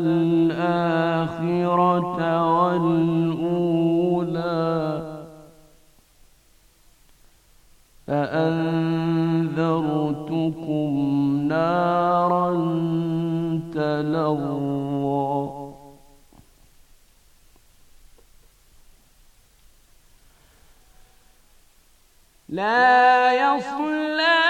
الآخرة والأولى فأنذرتكم نارا تلظى لا يصلى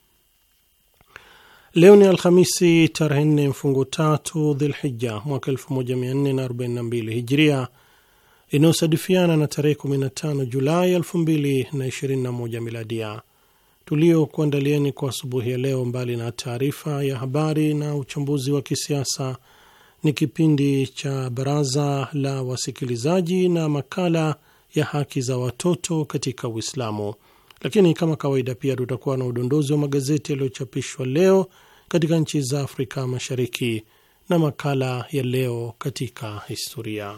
Leo ni Alhamisi tarehe nne mfungu tatu Dhilhija mwaka mbili Hijria, inayosadifiana na tarehe 15 Julai moja Miladia. Tuliokuandalieni kwa asubuhi ya leo, mbali na taarifa ya habari na uchambuzi wa kisiasa, ni kipindi cha Baraza la Wasikilizaji na makala ya haki za watoto katika Uislamu. Lakini kama kawaida, pia tutakuwa na udondozi wa magazeti yaliyochapishwa leo katika nchi za Afrika Mashariki na makala ya leo katika historia.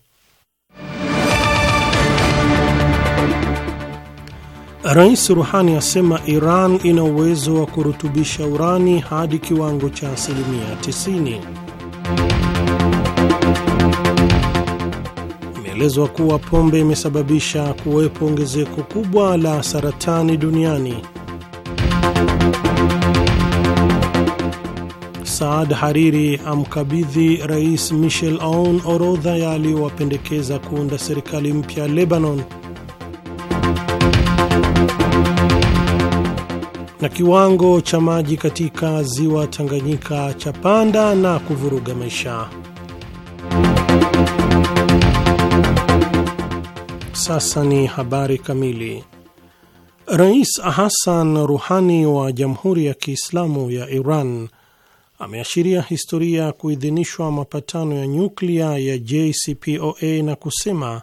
Rais Ruhani asema Iran ina uwezo wa kurutubisha urani hadi kiwango cha asilimia 90. Imeelezwa kuwa pombe imesababisha kuwepo ongezeko kubwa la saratani duniani. Saad Hariri amkabidhi Rais Michel Aoun orodha ya aliyowapendekeza kuunda serikali mpya Lebanon. na kiwango cha maji katika ziwa Tanganyika cha panda na kuvuruga maisha. Sasa ni habari kamili. Rais Hassan Ruhani wa Jamhuri ya Kiislamu ya Iran ameashiria historia ya kuidhinishwa mapatano ya nyuklia ya JCPOA na kusema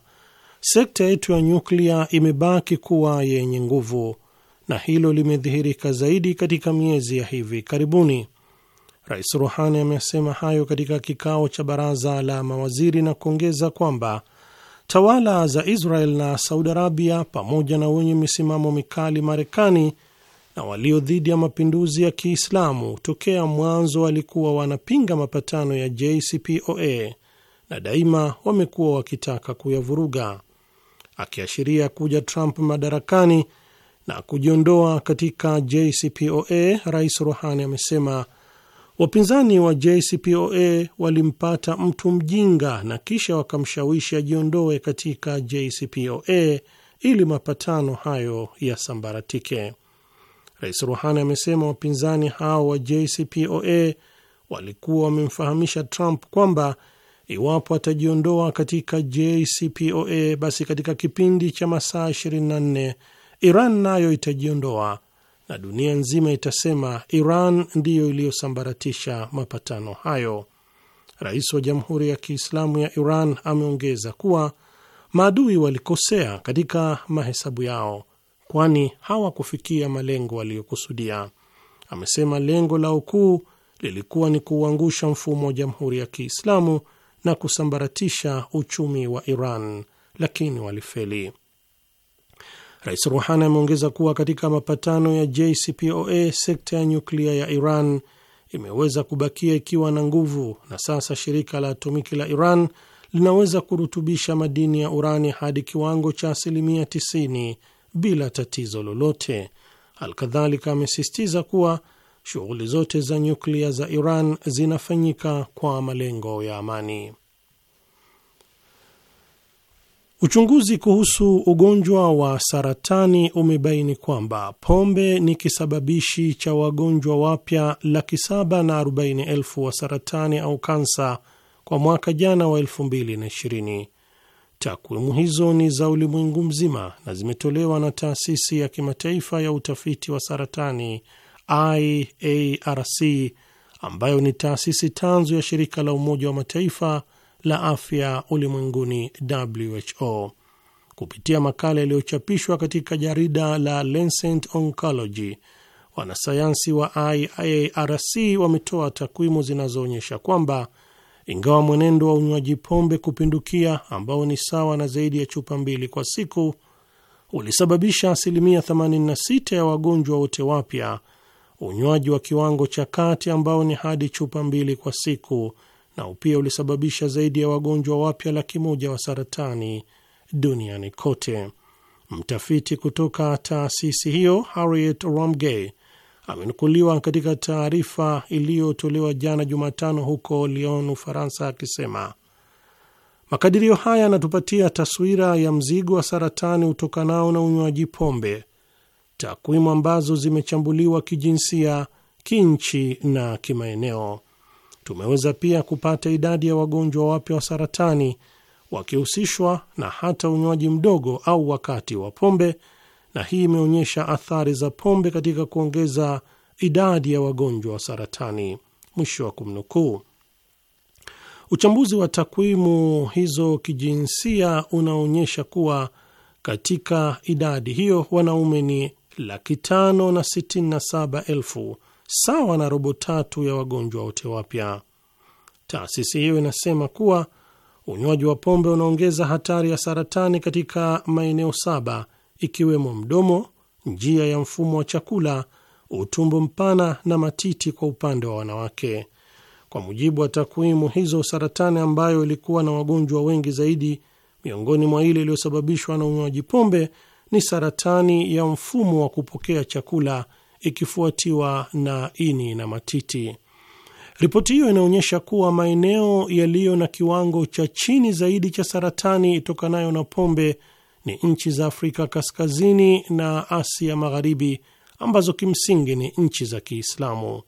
sekta yetu ya nyuklia imebaki kuwa yenye nguvu na hilo limedhihirika zaidi katika miezi ya hivi karibuni. Rais Ruhani amesema hayo katika kikao cha baraza la mawaziri na kuongeza kwamba tawala za Israel na Saudi Arabia pamoja na wenye misimamo mikali Marekani na walio dhidi ya mapinduzi ya Kiislamu tokea mwanzo walikuwa wanapinga mapatano ya JCPOA na daima wamekuwa wakitaka kuyavuruga. Akiashiria kuja Trump madarakani, na kujiondoa katika JCPOA, Rais Rohani amesema wapinzani wa JCPOA walimpata mtu mjinga na kisha wakamshawishi ajiondoe katika JCPOA ili mapatano hayo yasambaratike. Rais Ruhani amesema wapinzani hao wa JCPOA walikuwa wamemfahamisha Trump kwamba iwapo atajiondoa katika JCPOA basi katika kipindi cha masaa 24 Iran nayo itajiondoa na dunia nzima itasema Iran ndiyo iliyosambaratisha mapatano hayo. Rais wa Jamhuri ya Kiislamu ya Iran ameongeza kuwa maadui walikosea katika mahesabu yao, kwani hawakufikia malengo waliyokusudia. Amesema lengo la ukuu lilikuwa ni kuuangusha mfumo wa Jamhuri ya Kiislamu na kusambaratisha uchumi wa Iran, lakini walifeli. Rais Ruhani ameongeza kuwa katika mapatano ya JCPOA sekta ya nyuklia ya Iran imeweza kubakia ikiwa na nguvu, na sasa shirika la atomiki la Iran linaweza kurutubisha madini ya urani hadi kiwango cha asilimia 90 bila tatizo lolote. Alkadhalika amesisitiza kuwa shughuli zote za nyuklia za Iran zinafanyika kwa malengo ya amani. Uchunguzi kuhusu ugonjwa wa saratani umebaini kwamba pombe ni kisababishi cha wagonjwa wapya laki saba na arobaini elfu wa saratani au kansa kwa mwaka jana wa 2020. Takwimu hizo ni za ulimwengu mzima na zimetolewa na taasisi ya kimataifa ya utafiti wa saratani IARC, ambayo ni taasisi tanzu ya shirika la Umoja wa Mataifa la Afya Ulimwenguni WHO kupitia makala yaliyochapishwa katika jarida la Lancet Oncology. Wanasayansi wa IARC wametoa takwimu zinazoonyesha kwamba ingawa mwenendo wa unywaji pombe kupindukia ambao ni sawa na zaidi ya chupa mbili kwa siku ulisababisha asilimia 86 ya wagonjwa wote wapya, unywaji wa kiwango cha kati ambao ni hadi chupa mbili kwa siku nao pia ulisababisha zaidi ya wagonjwa wapya laki moja wa saratani duniani kote. Mtafiti kutoka taasisi hiyo Harriet Romgay amenukuliwa katika taarifa iliyotolewa jana Jumatano huko Lyon, Ufaransa, akisema makadirio haya yanatupatia taswira ya mzigo wa saratani utokanao na unywaji pombe, takwimu ambazo zimechambuliwa kijinsia, kinchi na kimaeneo. Tumeweza pia kupata idadi ya wagonjwa wapya wa saratani wakihusishwa na hata unywaji mdogo au wakati wa pombe, na hii imeonyesha athari za pombe katika kuongeza idadi ya wagonjwa wa saratani. Mwisho wa kumnukuu. Uchambuzi wa takwimu hizo kijinsia unaonyesha kuwa katika idadi hiyo wanaume ni laki tano na sitini na saba elfu sawa na robo tatu ya wagonjwa wote wapya. Taasisi hiyo inasema kuwa unywaji wa pombe unaongeza hatari ya saratani katika maeneo saba ikiwemo mdomo, njia ya mfumo wa chakula, utumbo mpana na matiti kwa upande wa wanawake. Kwa mujibu wa takwimu hizo, saratani ambayo ilikuwa na wagonjwa wengi zaidi miongoni mwa ile iliyosababishwa na unywaji pombe ni saratani ya mfumo wa kupokea chakula ikifuatiwa na ini na matiti. Ripoti hiyo inaonyesha kuwa maeneo yaliyo na kiwango cha chini zaidi cha saratani itokanayo na pombe ni nchi za Afrika Kaskazini na Asia Magharibi, ambazo kimsingi ni nchi za Kiislamu.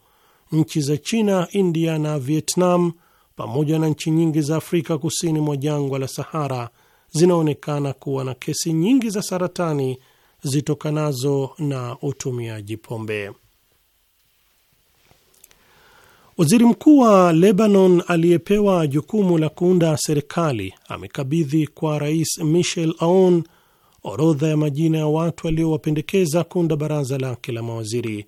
Nchi za China, India na Vietnam pamoja na nchi nyingi za Afrika kusini mwa jangwa la Sahara zinaonekana kuwa na kesi nyingi za saratani zitokanazo na utumiaji pombe. Waziri mkuu wa Lebanon aliyepewa jukumu la kuunda serikali amekabidhi kwa Rais Michel Aoun orodha ya majina ya watu aliowapendekeza kuunda baraza lake la mawaziri.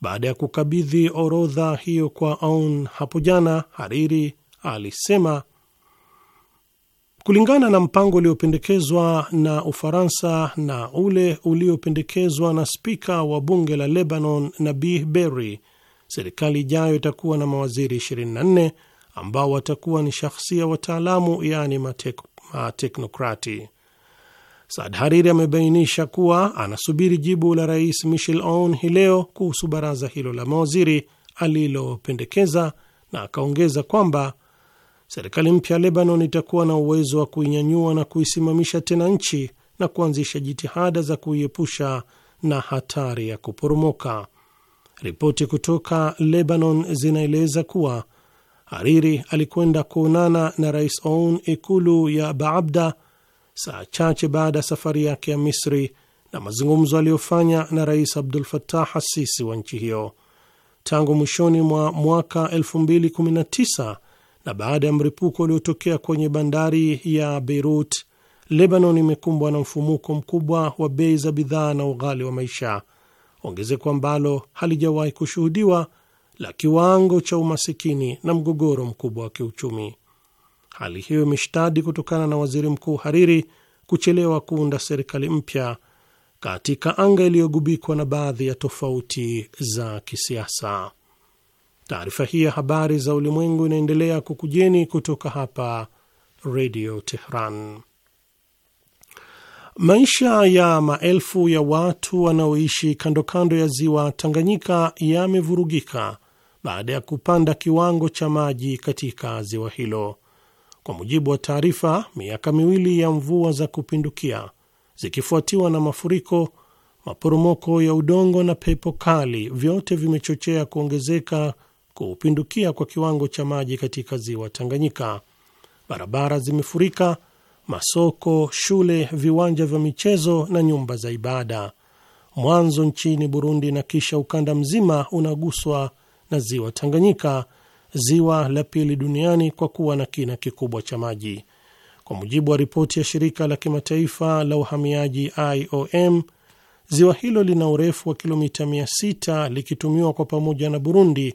Baada ya kukabidhi orodha hiyo kwa Aoun hapo jana, Hariri alisema Kulingana na mpango uliopendekezwa na Ufaransa na ule uliopendekezwa na spika wa bunge la Lebanon, Nabih Berri, serikali ijayo itakuwa na mawaziri 24 ambao watakuwa ni shahsia wataalamu, yaani matek, mateknokrati. Saad Hariri amebainisha kuwa anasubiri jibu la rais Michel Aoun hii leo kuhusu baraza hilo la mawaziri alilopendekeza, na akaongeza kwamba serikali mpya ya Lebanon itakuwa na uwezo wa kuinyanyua na kuisimamisha tena nchi na kuanzisha jitihada za kuiepusha na hatari ya kuporomoka. Ripoti kutoka Lebanon zinaeleza kuwa Hariri alikwenda kuonana na Rais Aoun ikulu ya Baabda saa chache baada ya safari yake ya Misri na mazungumzo aliyofanya na Rais Abdul Fattah Assisi wa nchi hiyo. Tangu mwishoni mwa mwaka na baada ya mripuko uliotokea kwenye bandari ya Beirut, Lebanon imekumbwa na mfumuko mkubwa wa bei za bidhaa na ughali wa maisha, ongezeko ambalo halijawahi kushuhudiwa la kiwango cha umasikini na mgogoro mkubwa wa kiuchumi. Hali hiyo imeshtadi kutokana na waziri mkuu Hariri kuchelewa kuunda serikali mpya katika anga iliyogubikwa na baadhi ya tofauti za kisiasa. Taarifa hii ya habari za ulimwengu inaendelea kukujeni kutoka hapa Redio Tehran. Maisha ya maelfu ya watu wanaoishi kando kando ya ziwa Tanganyika yamevurugika baada ya kupanda kiwango cha maji katika ziwa hilo. Kwa mujibu wa taarifa, miaka miwili ya mvua za kupindukia zikifuatiwa na mafuriko, maporomoko ya udongo na pepo kali, vyote vimechochea kuongezeka kupindukia kwa kiwango cha maji katika ziwa Tanganyika. Barabara zimefurika, masoko, shule, viwanja vya michezo na nyumba za ibada. Mwanzo nchini Burundi na kisha ukanda mzima unaguswa na ziwa Tanganyika, ziwa la pili duniani kwa kuwa na kina kikubwa cha maji. Kwa mujibu wa ripoti ya shirika la kimataifa la uhamiaji IOM, ziwa hilo lina urefu wa kilomita 600 likitumiwa kwa pamoja na Burundi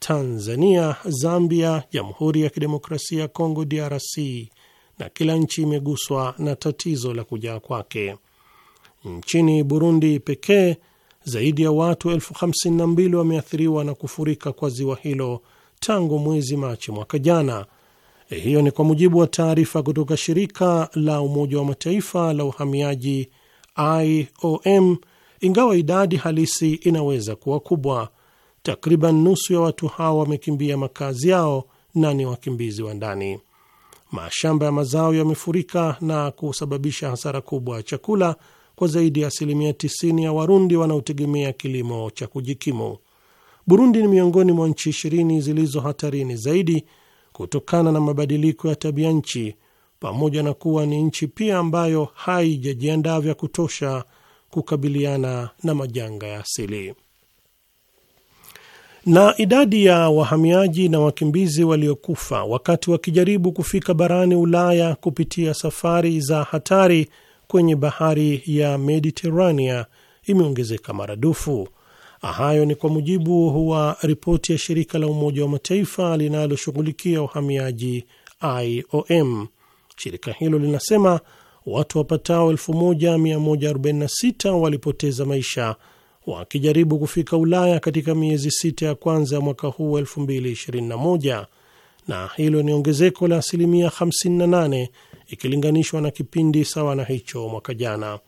Tanzania, Zambia, Jamhuri ya Kidemokrasia ya Kongo DRC, na kila nchi imeguswa na tatizo la kujaa kwake. Nchini Burundi pekee zaidi ya watu elfu hamsini na mbili wameathiriwa na kufurika kwa ziwa hilo tangu mwezi Machi mwaka jana. E, hiyo ni kwa mujibu wa taarifa kutoka shirika la Umoja wa Mataifa la uhamiaji IOM, ingawa idadi halisi inaweza kuwa kubwa. Takriban nusu ya watu hao wamekimbia makazi yao na ni wakimbizi wa ndani. Mashamba ya mazao yamefurika na kusababisha hasara kubwa ya chakula kwa zaidi ya asilimia 90 ya Warundi wanaotegemea kilimo cha kujikimu. Burundi ni miongoni mwa nchi ishirini zilizo hatarini zaidi kutokana na mabadiliko ya tabia nchi, pamoja na kuwa ni nchi pia ambayo haijajiandaa vya kutosha kukabiliana na majanga ya asili. Na idadi ya wahamiaji na wakimbizi waliokufa wakati wakijaribu kufika barani Ulaya kupitia safari za hatari kwenye bahari ya Mediterania imeongezeka maradufu. Hayo ni kwa mujibu wa ripoti ya shirika la Umoja wa Mataifa linaloshughulikia uhamiaji IOM. Shirika hilo linasema watu wapatao 1146 walipoteza maisha wakijaribu kufika Ulaya katika miezi sita ya kwanza ya mwaka huu 2021 na hilo ni ongezeko la asilimia 58 ikilinganishwa na kipindi sawa na hicho mwaka jana.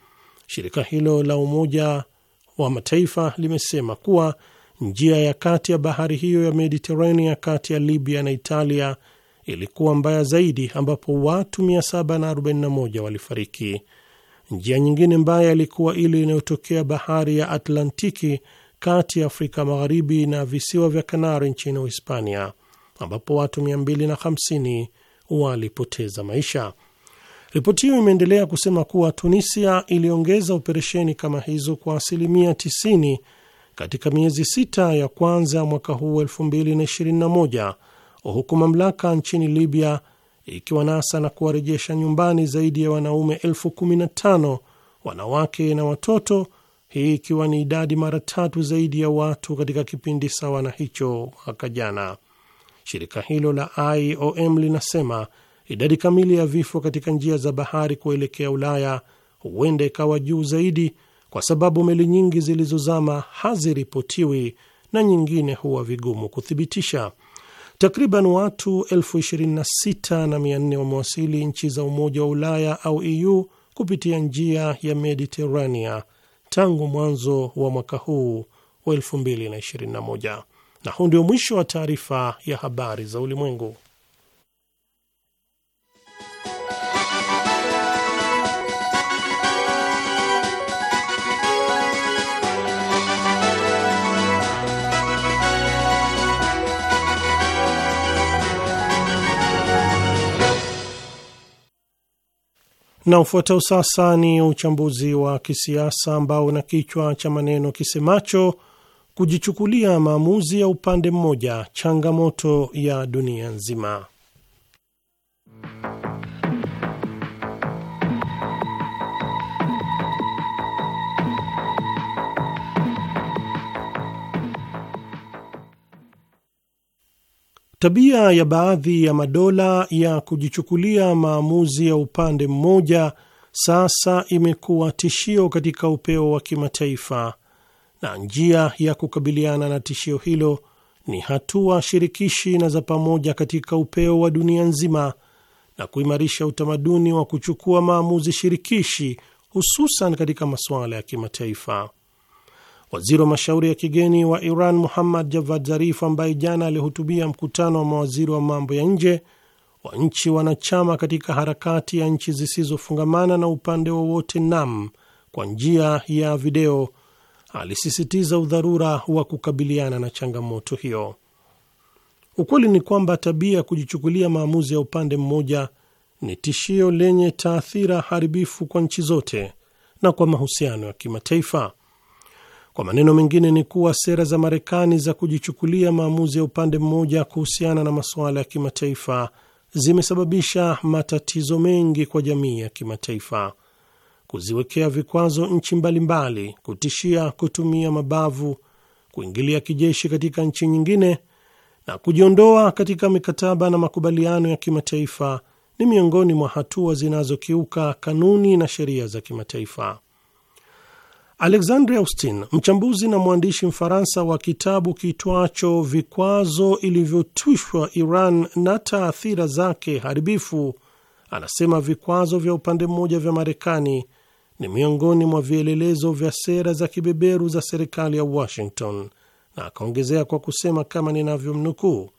Shirika hilo la Umoja wa Mataifa limesema kuwa njia ya kati ya bahari hiyo ya Mediterania kati ya Libya na Italia ilikuwa mbaya zaidi, ambapo watu 741 walifariki. Njia nyingine mbaya ilikuwa ile inayotokea bahari ya Atlantiki kati ya Afrika Magharibi na visiwa vya Kanari nchini Uhispania, ambapo watu 250 walipoteza maisha. Ripoti hiyo imeendelea kusema kuwa Tunisia iliongeza operesheni kama hizo kwa asilimia 90 katika miezi sita ya kwanza mwaka huu 2021, huku mamlaka nchini Libya ikiwanasa na kuwarejesha nyumbani zaidi ya wanaume elfu kumi na tano, wanawake na watoto, hii ikiwa ni idadi mara tatu zaidi ya watu katika kipindi sawa na hicho mwaka jana. Shirika hilo la IOM linasema idadi kamili ya vifo katika njia za bahari kuelekea Ulaya huenda ikawa juu zaidi kwa sababu meli nyingi zilizozama haziripotiwi na nyingine huwa vigumu kuthibitisha. Takriban watu elfu ishirini na sita na mia nne wamewasili nchi za Umoja wa Ulaya au EU kupitia njia ya Mediterania tangu mwanzo wa mwaka huu wa 221 Na huu ndio mwisho wa taarifa ya habari za ulimwengu. Na ufuatao sasa ni uchambuzi wa kisiasa ambao una kichwa cha maneno kisemacho kujichukulia maamuzi ya upande mmoja, changamoto ya dunia nzima. Tabia ya baadhi ya madola ya kujichukulia maamuzi ya upande mmoja sasa imekuwa tishio katika upeo wa kimataifa, na njia ya kukabiliana na tishio hilo ni hatua shirikishi na za pamoja katika upeo wa dunia nzima na kuimarisha utamaduni wa kuchukua maamuzi shirikishi, hususan katika masuala ya kimataifa. Waziri wa mashauri ya kigeni wa Iran Muhammad Javad Zarif, ambaye jana alihutubia mkutano wa mawaziri wa mambo ya nje wa nchi wanachama katika harakati ya nchi zisizofungamana na upande wowote NAM kwa njia ya video, alisisitiza udharura wa kukabiliana na changamoto hiyo. Ukweli ni kwamba tabia ya kujichukulia maamuzi ya upande mmoja ni tishio lenye taathira haribifu kwa nchi zote na kwa mahusiano ya kimataifa. Kwa maneno mengine ni kuwa sera za Marekani za kujichukulia maamuzi ya upande mmoja kuhusiana na masuala ya kimataifa zimesababisha matatizo mengi kwa jamii ya kimataifa, kuziwekea vikwazo nchi mbalimbali, kutishia kutumia mabavu, kuingilia kijeshi katika nchi nyingine na kujiondoa katika mikataba na makubaliano ya kimataifa ni miongoni mwa hatua zinazokiuka kanuni na sheria za kimataifa. Alexandre Austin, mchambuzi na mwandishi Mfaransa wa kitabu kitwacho Vikwazo ilivyotwishwa Iran na taathira zake haribifu, anasema vikwazo vya upande mmoja vya Marekani ni miongoni mwa vielelezo vya sera za kibeberu za serikali ya Washington, na akaongezea kwa kusema kama ninavyomnukuu,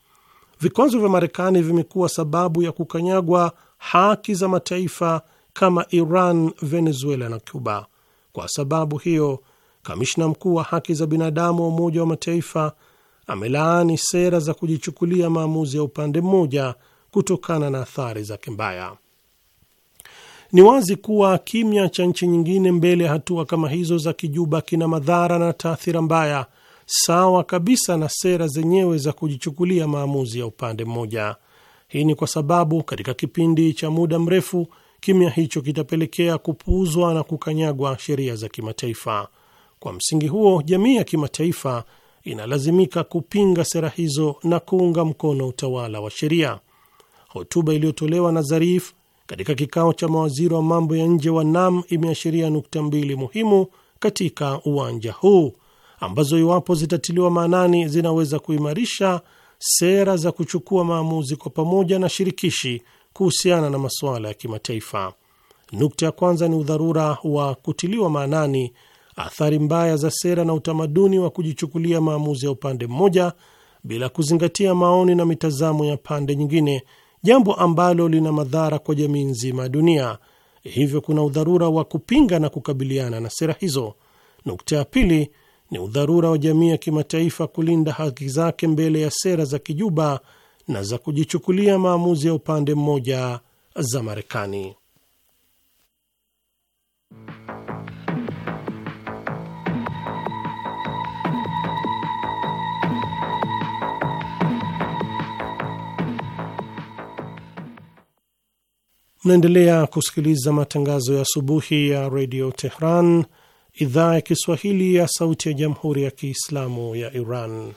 vikwazo vya Marekani vimekuwa sababu ya kukanyagwa haki za mataifa kama Iran, Venezuela na Cuba. Kwa sababu hiyo, kamishna mkuu wa haki za binadamu wa Umoja wa Mataifa amelaani sera za kujichukulia maamuzi ya upande mmoja kutokana na athari zake mbaya. Ni wazi kuwa kimya cha nchi nyingine mbele ya hatua kama hizo za kijuba kina madhara na taathira mbaya sawa kabisa na sera zenyewe za kujichukulia maamuzi ya upande mmoja. Hii ni kwa sababu katika kipindi cha muda mrefu kimya hicho kitapelekea kupuuzwa na kukanyagwa sheria za kimataifa. Kwa msingi huo, jamii ya kimataifa inalazimika kupinga sera hizo na kuunga mkono utawala wa sheria. Hotuba iliyotolewa na Zarif katika kikao cha mawaziri wa mambo ya nje wa NAM imeashiria nukta mbili muhimu katika uwanja huu ambazo iwapo zitatiliwa maanani zinaweza kuimarisha sera za kuchukua maamuzi kwa pamoja na shirikishi kuhusiana na masuala ya kimataifa. Nukta ya kwanza ni udharura wa kutiliwa maanani athari mbaya za sera na utamaduni wa kujichukulia maamuzi ya upande mmoja bila kuzingatia maoni na mitazamo ya pande nyingine, jambo ambalo lina madhara kwa jamii nzima ya dunia. Hivyo kuna udharura wa kupinga na kukabiliana na sera hizo. Nukta ya pili ni udharura wa jamii ya kimataifa kulinda haki zake mbele ya sera za kijuba na za kujichukulia maamuzi ya upande mmoja za Marekani. Mnaendelea kusikiliza matangazo ya asubuhi ya redio Tehran, idhaa ya Kiswahili ya sauti ya jamhuri ya Kiislamu ya Iran.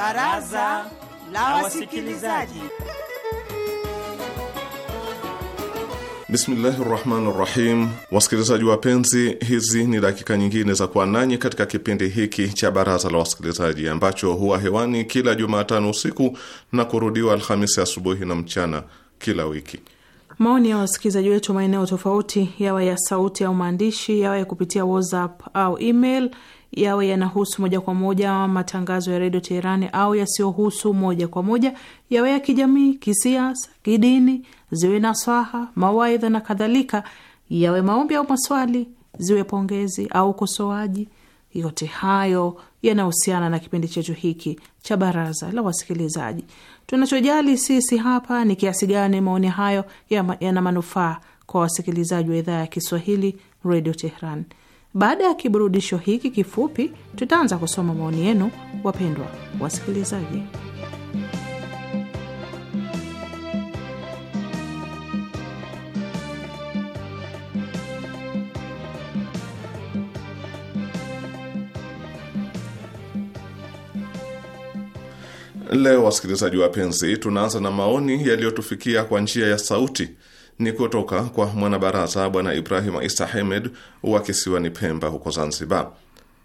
Baraza la Wasikilizaji. Bismillahi rahmani rahim. Wasikilizaji wapenzi, hizi ni dakika nyingine za kuwa nanyi katika kipindi hiki cha baraza la wasikilizaji ambacho huwa hewani kila Jumatano usiku na kurudiwa Alhamisi asubuhi na mchana kila wiki. Maoni ya wasikilizaji wetu maeneo tofauti, yawe ya sauti au maandishi, yawe ya kupitia WhatsApp au email, yawe yanahusu moja kwa moja matangazo ya redio Teherani au yasiyohusu moja kwa moja, yawe ya kijamii, kisiasa, kidini, ziwe nasaha, mawaidha na kadhalika, yawe maombi au maswali, ziwe pongezi au ukosoaji, yote hayo yanayohusiana na kipindi chetu hiki cha baraza la wasikilizaji. Tunachojali sisi hapa ni kiasi gani maoni hayo yana manufaa kwa wasikilizaji wa idhaa ya Kiswahili Radio Tehran. Baada ya kiburudisho hiki kifupi, tutaanza kusoma maoni yenu, wapendwa wasikilizaji. Leo wasikilizaji wapenzi, tunaanza na maoni yaliyotufikia kwa njia ya sauti. Ni kutoka kwa mwanabaraza Bwana Ibrahim Isa Hemed wa kisiwani Pemba huko Zanzibar,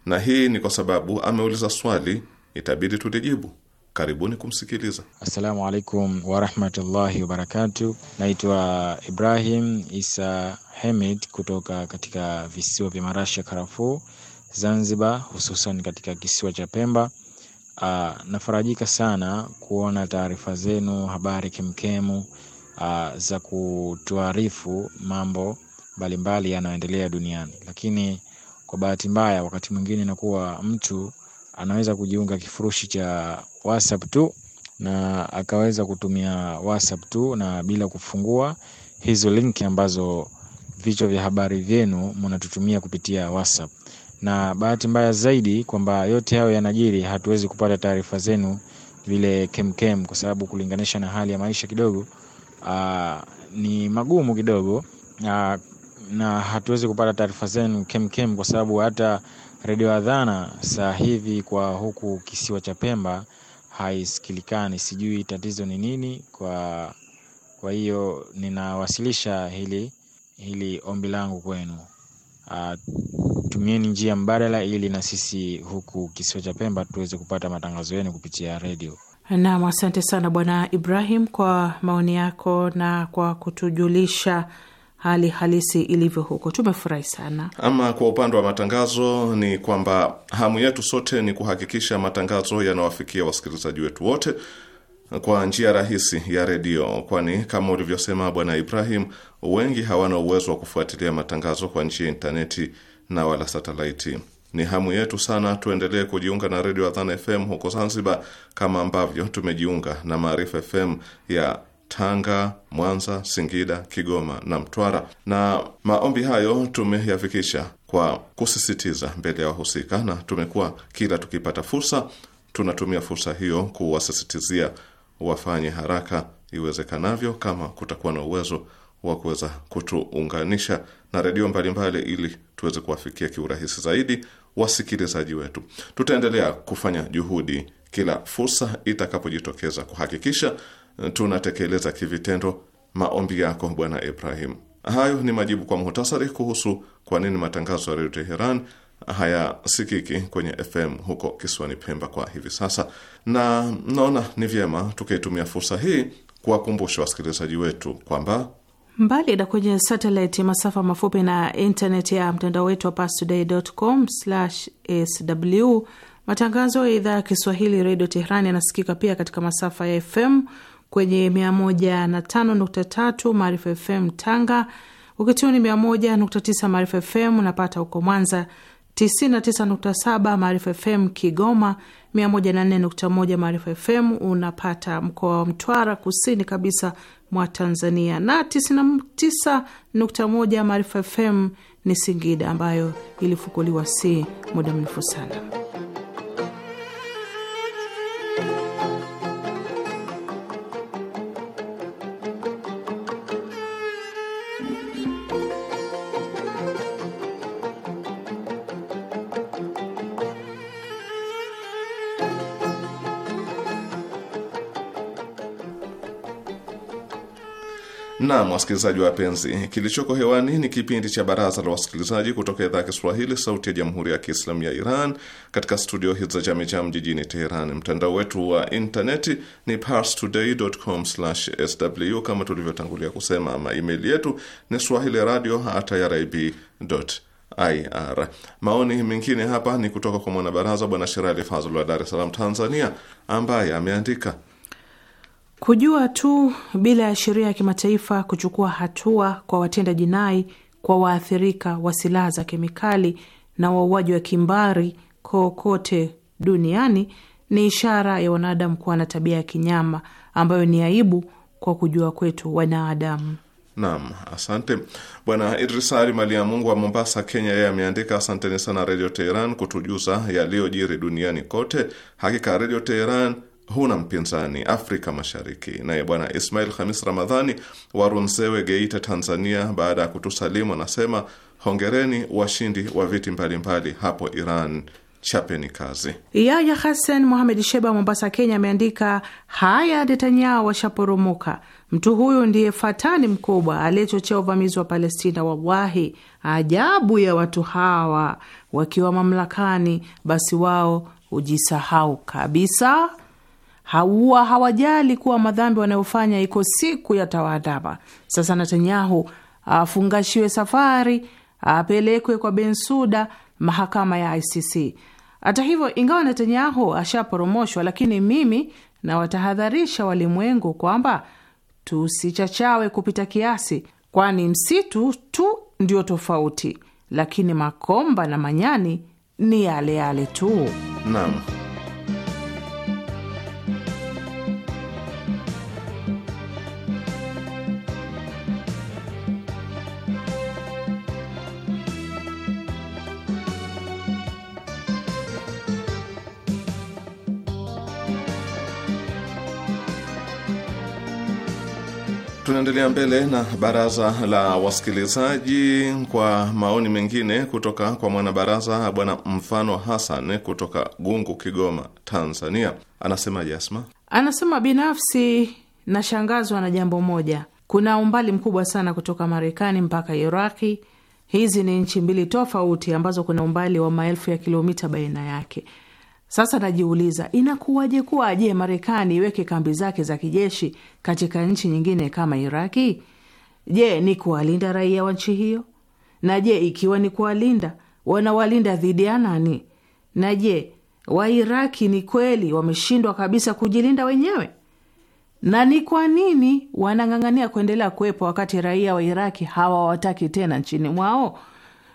na hii ni kwa sababu ameuliza swali, itabidi tulijibu. Karibuni kumsikiliza. Assalamu alaikum warahmatullahi wabarakatu. Naitwa Ibrahim Isa Hemed kutoka katika visiwa vya Marashi ya Karafuu, Zanzibar, hususan katika kisiwa cha Pemba. Uh, nafarajika sana kuona taarifa zenu, habari kemkemu uh, za kutuarifu mambo mbalimbali yanayoendelea duniani, lakini kwa bahati mbaya wakati mwingine nakuwa mtu anaweza kujiunga kifurushi cha WhatsApp tu na akaweza kutumia WhatsApp tu na bila kufungua hizo linki ambazo vichwa vya habari vyenu mnatutumia kupitia WhatsApp na bahati mbaya zaidi kwamba yote hayo yanajiri, hatuwezi kupata taarifa zenu vile kemkem, kwa sababu kulinganisha na hali ya maisha kidogo aa, ah, ni magumu kidogo aa, ah, na hatuwezi kupata taarifa zenu kemkem, kwa sababu hata redio Adhana saa hivi kwa huku kisiwa cha Pemba haisikilikani. Sijui tatizo ni nini. Kwa kwa hiyo ninawasilisha hili hili ombi langu kwenu aa, ah, tumieni njia mbadala, ili na sisi huku kisiwa cha Pemba tuweze kupata matangazo yenu kupitia redio. Naam, asante sana Bwana Ibrahim kwa maoni yako na kwa kutujulisha hali halisi ilivyo huko. Tumefurahi sana. Ama kwa upande wa matangazo, ni kwamba hamu yetu sote ni kuhakikisha matangazo yanawafikia wasikilizaji wetu wote kwa njia rahisi ya redio, kwani kama ulivyosema Bwana Ibrahim, wengi hawana uwezo wa kufuatilia matangazo kwa njia ya intaneti na wala satelaiti. Ni hamu yetu sana tuendelee kujiunga na redio Adhan FM huko Zanzibar, kama ambavyo tumejiunga na Maarifa FM ya Tanga, Mwanza, Singida, Kigoma na Mtwara. Na maombi hayo tumeyafikisha kwa kusisitiza mbele ya wahusika, na tumekuwa kila tukipata fursa tunatumia fursa hiyo kuwasisitizia wafanye haraka iwezekanavyo, kama kutakuwa na uwezo wa kuweza kutuunganisha na redio mbalimbali, ili tuweze kuwafikia kiurahisi zaidi wasikilizaji wetu. Tutaendelea kufanya juhudi kila fursa itakapojitokeza kuhakikisha eh, tunatekeleza kivitendo maombi yako Bwana Ibrahim. Hayo ni majibu kwa muhtasari kuhusu kwa nini matangazo ya redio Teheran hayasikiki kwenye FM huko kisiwani Pemba kwa hivi sasa, na naona ni vyema tukaitumia fursa hii kuwakumbusha wasikilizaji wetu kwamba Mbali na kwenye satellite, masafa mafupi na intaneti ya mtandao wetu wa pastoday.com/sw, matangazo ya idhaa ya Kiswahili redio Teherani yanasikika pia katika masafa ya FM kwenye 105.3 Maarifa FM Tanga, ukituni 101.9 Maarifa FM unapata huko Mwanza, 99.7 Maarifa FM Kigoma 104.1 Maarifa FM unapata mkoa wa Mtwara, kusini kabisa mwa Tanzania, na 99.1 Maarifa FM ni Singida, ambayo ilifukuliwa si muda mrefu sana. Naam, wasikilizaji wapenzi, kilichoko hewani ni kipindi cha Baraza la Wasikilizaji kutoka idhaa ya Kiswahili, Sauti ya Jamhuri ya Kiislamu ya Iran, katika studio hizi za Jamejam jijini Teheran. Mtandao wetu wa intaneti ni parstoday.com/sw, kama tulivyotangulia kusema, ama email yetu ni swahili radio ir. Maoni mengine hapa ni kutoka kwa mwanabaraza Bwana Sherali Fazl wa Dar es Salaam, Tanzania, ambaye ameandika Kujua tu bila ya sheria ya kimataifa kuchukua hatua kwa watenda jinai, kwa waathirika wa silaha za kemikali na wauaji wa kimbari kokote duniani ni ishara ya wanadamu kuwa na tabia ya kinyama ambayo ni aibu kwa kujua kwetu wanadamu. Naam, asante Bwana Idris Ali Mali ya Mungu wa Mombasa, Kenya. Yeye ameandika asanteni sana Redio Teheran kutujuza yaliyojiri duniani kote. Hakika Redio Teheran huna mpinzani Afrika Mashariki. Naye Bwana Ismail Khamis Ramadhani wa Runzewe, Geita, Tanzania, baada ya kutusalimu anasema hongereni washindi wa viti mbalimbali mbali hapo Iran. Chapeni kazi. Yaya Hasan muhamed Sheba, Mombasa, Kenya, ameandika haya, Netanyahu washaporomoka. Mtu huyu ndiye fatani mkubwa aliyechochea uvamizi wa Palestina. Wallahi, ajabu ya watu hawa, wakiwa mamlakani basi wao hujisahau kabisa hawa hawajali kuwa madhambi wanayofanya iko siku yatawaandama. Sasa Netanyahu afungashiwe safari apelekwe kwa Bensuda, mahakama ya ICC. Hata hivyo, ingawa Netanyahu ashaporomoshwa, lakini mimi nawatahadharisha walimwengu kwamba tusichachawe kupita kiasi, kwani msitu tu ndio tofauti, lakini makomba na manyani ni yale yale tu. Naam. Tunaendelea mbele na baraza la wasikilizaji kwa maoni mengine kutoka kwa mwanabaraza Bwana Mfano Hassan kutoka Gungu, Kigoma, Tanzania. Anasema Jasma, Anasema binafsi nashangazwa na jambo moja, kuna umbali mkubwa sana kutoka Marekani mpaka Iraki. Hizi ni nchi mbili tofauti ambazo kuna umbali wa maelfu ya kilomita baina yake. Sasa najiuliza inakuwaje kuwa je, Marekani iweke kambi zake za kijeshi katika nchi nyingine kama Iraki? Je, ni kuwalinda raia wa nchi hiyo? Na je, ikiwa ni kuwalinda, wanawalinda dhidi ya nani? Na je, Wairaki ni kweli wameshindwa kabisa kujilinda wenyewe? Na ni kwa nini wanang'ang'ania kuendelea kuwepo wakati raia wa Iraki hawawataki tena nchini mwao?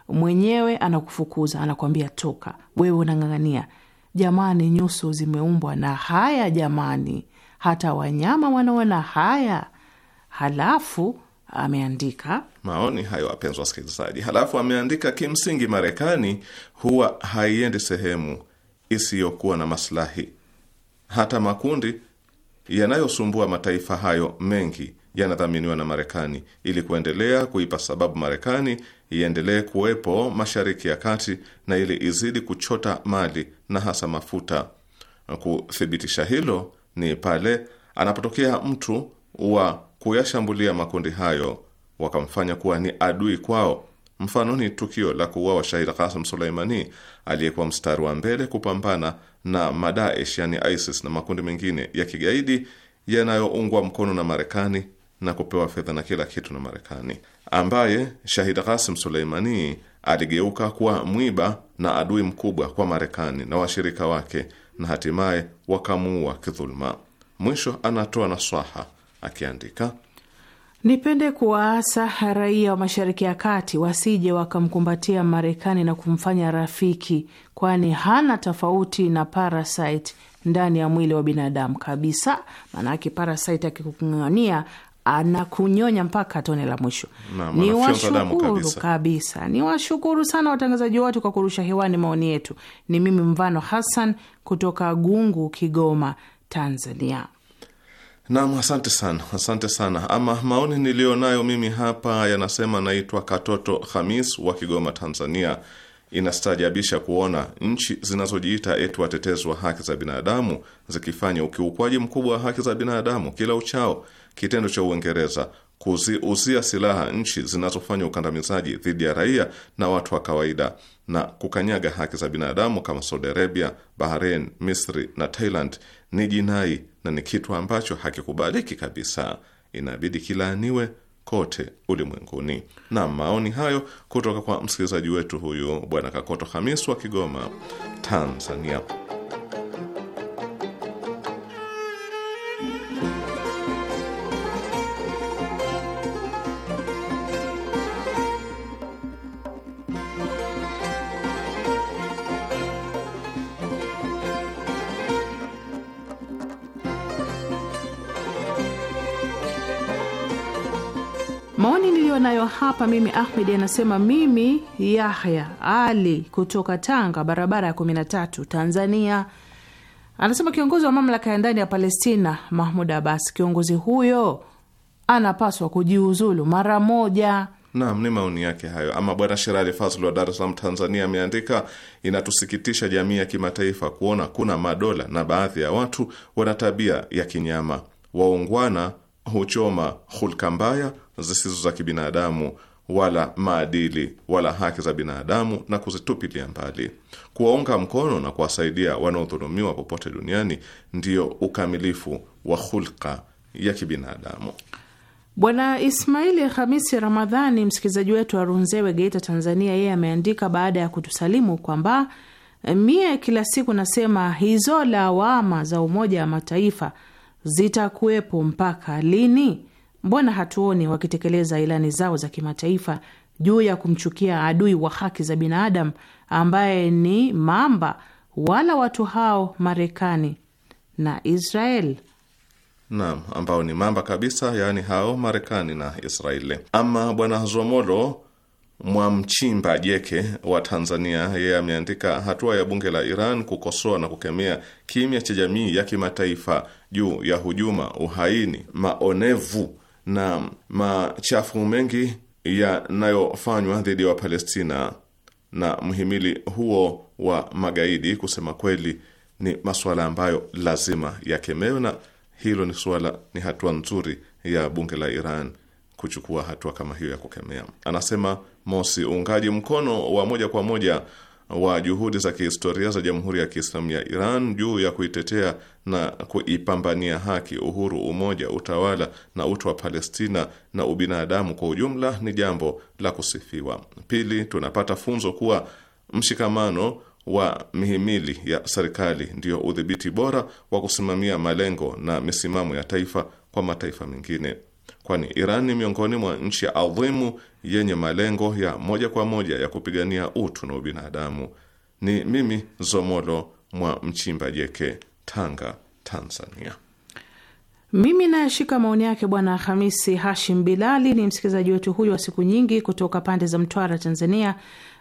Mwenyewe anakufukuza, anakuambia toka, wewe unang'ang'ania Jamani, nyuso zimeumbwa na haya jamani, hata wanyama wanaona haya. Halafu ameandika maoni hayo, wapenzi wasikilizaji. Halafu ameandika kimsingi, Marekani huwa haiendi sehemu isiyokuwa na maslahi. Hata makundi yanayosumbua mataifa hayo mengi yanadhaminiwa na Marekani ili kuendelea kuipa sababu Marekani iendelee kuwepo Mashariki ya Kati na ili izidi kuchota mali na hasa mafuta. Kuthibitisha hilo ni pale anapotokea mtu wa kuyashambulia makundi hayo wakamfanya kuwa ni adui kwao. Mfano ni tukio la kuuawa Shahid Qasim Suleimani aliyekuwa mstari wa mbele kupambana na Madaesh yani ISIS na makundi mengine ya kigaidi yanayoungwa mkono na Marekani na kupewa fedha na kila kitu na Marekani, ambaye Shahid Qasim Suleimani aligeuka kuwa mwiba na adui mkubwa kwa Marekani na washirika wake na hatimaye wakamuua kidhuluma. Mwisho anatoa naswaha akiandika, nipende kuwaasa raia wa Mashariki ya Kati wasije wakamkumbatia Marekani na kumfanya rafiki, kwani hana tofauti na parasite ndani ya mwili wa binadamu kabisa. Maanake parasite akikung'ang'ania anakunyonya mpaka tone la mwisho. Ni washukuru kabisa, kabisa. Ni washukuru sana watangazaji wote kwa kurusha hewani maoni yetu. Ni mimi Mvano Hassan kutoka Gungu, Kigoma, Tanzania. Naam, asante sana, asante sana. Ama maoni niliyo nayo mimi hapa yanasema, naitwa Katoto Hamis wa Kigoma, Tanzania. Inastaajabisha kuona nchi zinazojiita eti watetezi wa haki za binadamu zikifanya ukiukwaji mkubwa wa haki za binadamu kila uchao kitendo cha Uingereza kuziuzia silaha nchi zinazofanya ukandamizaji dhidi ya raia na watu wa kawaida na kukanyaga haki za binadamu kama Saudi Arabia, Bahrain, Misri na Thailand ni jinai na ni kitu ambacho hakikubaliki kabisa, inabidi kilaaniwe kote ulimwenguni. Na maoni hayo kutoka kwa msikilizaji wetu huyu Bwana Kakoto Hamis wa Kigoma, Tanzania. hapa mimi Ahmed anasema mimi Yahya Ali kutoka Tanga, barabara ya kumi na tatu, Tanzania. Anasema kiongozi wa mamlaka ya ndani ya Palestina Mahmud Abbas, kiongozi huyo anapaswa kujiuzulu mara moja. Naam, ni maoni yake hayo. Ama bwana Sherali Fazl wa Dar es Salaam, Tanzania, ameandika inatusikitisha jamii ya kimataifa kuona kuna madola na baadhi ya watu wana tabia ya kinyama. Waungwana huchoma hulka mbaya zisizo za kibinadamu wala maadili wala haki za binadamu na kuzitupilia mbali. Kuwaunga mkono na kuwasaidia wanaodhulumiwa popote duniani ndiyo ukamilifu wa hulka ya kibinadamu. Bwana Ismaili Hamisi Ramadhani, msikilizaji wetu wa Runzewe, Geita, Tanzania, yeye ameandika baada ya kutusalimu kwamba eh, mie kila siku nasema hizo lawama za Umoja wa Mataifa zitakuwepo mpaka lini? Mbona hatuoni wakitekeleza ilani zao za kimataifa juu ya kumchukia adui wa haki za binadamu ambaye ni mamba wala watu hao Marekani na Israel? Naam, ambao ni mamba kabisa, yaani hao Marekani na Israeli. Ama bwana Zomolo Mwamchimba Jeke wa Tanzania, yeye ameandika hatua ya bunge la Iran kukosoa na kukemea kimya cha jamii ya kimataifa juu ya hujuma, uhaini, maonevu na machafu mengi yanayofanywa dhidi ya Wapalestina na mhimili huo wa magaidi, kusema kweli, ni masuala ambayo lazima yakemewe, na hilo ni suala, ni hatua nzuri ya bunge la Iran kuchukua hatua kama hiyo ya kukemea. Anasema Mosi, uungaji mkono wa moja kwa moja wa juhudi za kihistoria za Jamhuri ya Kiislamu ya Iran juu ya kuitetea na kuipambania haki, uhuru, umoja, utawala na utu wa Palestina na ubinadamu kwa ujumla ni jambo la kusifiwa. Pili, tunapata funzo kuwa mshikamano wa mihimili ya serikali ndiyo udhibiti bora wa kusimamia malengo na misimamo ya taifa kwa mataifa mengine kwani Iran ni miongoni mwa nchi adhimu yenye malengo ya moja kwa moja ya kupigania utu na ubinadamu. Ni mimi Zomolo mwa Mchimba Jeke, Tanga, Tanzania. Mimi nayeshika maoni yake Bwana Hamisi Hashim Bilali, ni msikilizaji wetu huyu wa siku nyingi kutoka pande za Mtwara, Tanzania.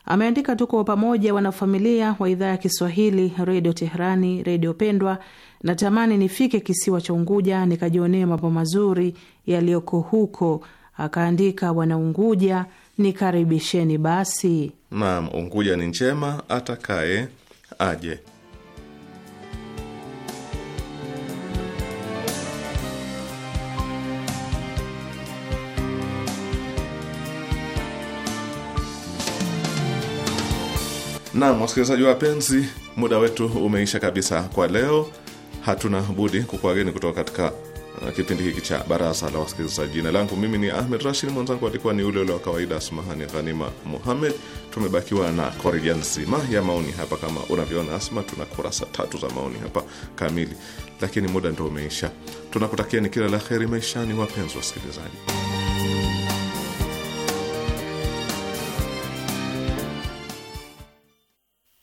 Ameandika, tuko pamoja wanafamilia wa idhaa ya Kiswahili, Redio Teherani, redio pendwa Natamani nifike kisiwa cha Unguja nikajionee mambo mazuri yaliyoko huko. Akaandika, bwana Unguja nikaribisheni basi. Naam, Unguja ni njema, atakaye aje. Naam, wasikilizaji wapenzi, muda wetu umeisha kabisa kwa leo hatuna budi kukuageni kutoka katika uh, kipindi hiki cha baraza la wasikilizaji. Jina langu mimi ni Ahmed Rashid, mwenzangu alikuwa ni yule ule wa kawaida Asmahani Ghanima Muhammed. Tumebakiwa na korija nzima ya maoni hapa. Kama unavyoona Asma, tuna kurasa tatu za maoni hapa kamili, lakini muda ndo umeisha. tunakutakia ni kila la heri maishani, wapenzi wasikilizaji.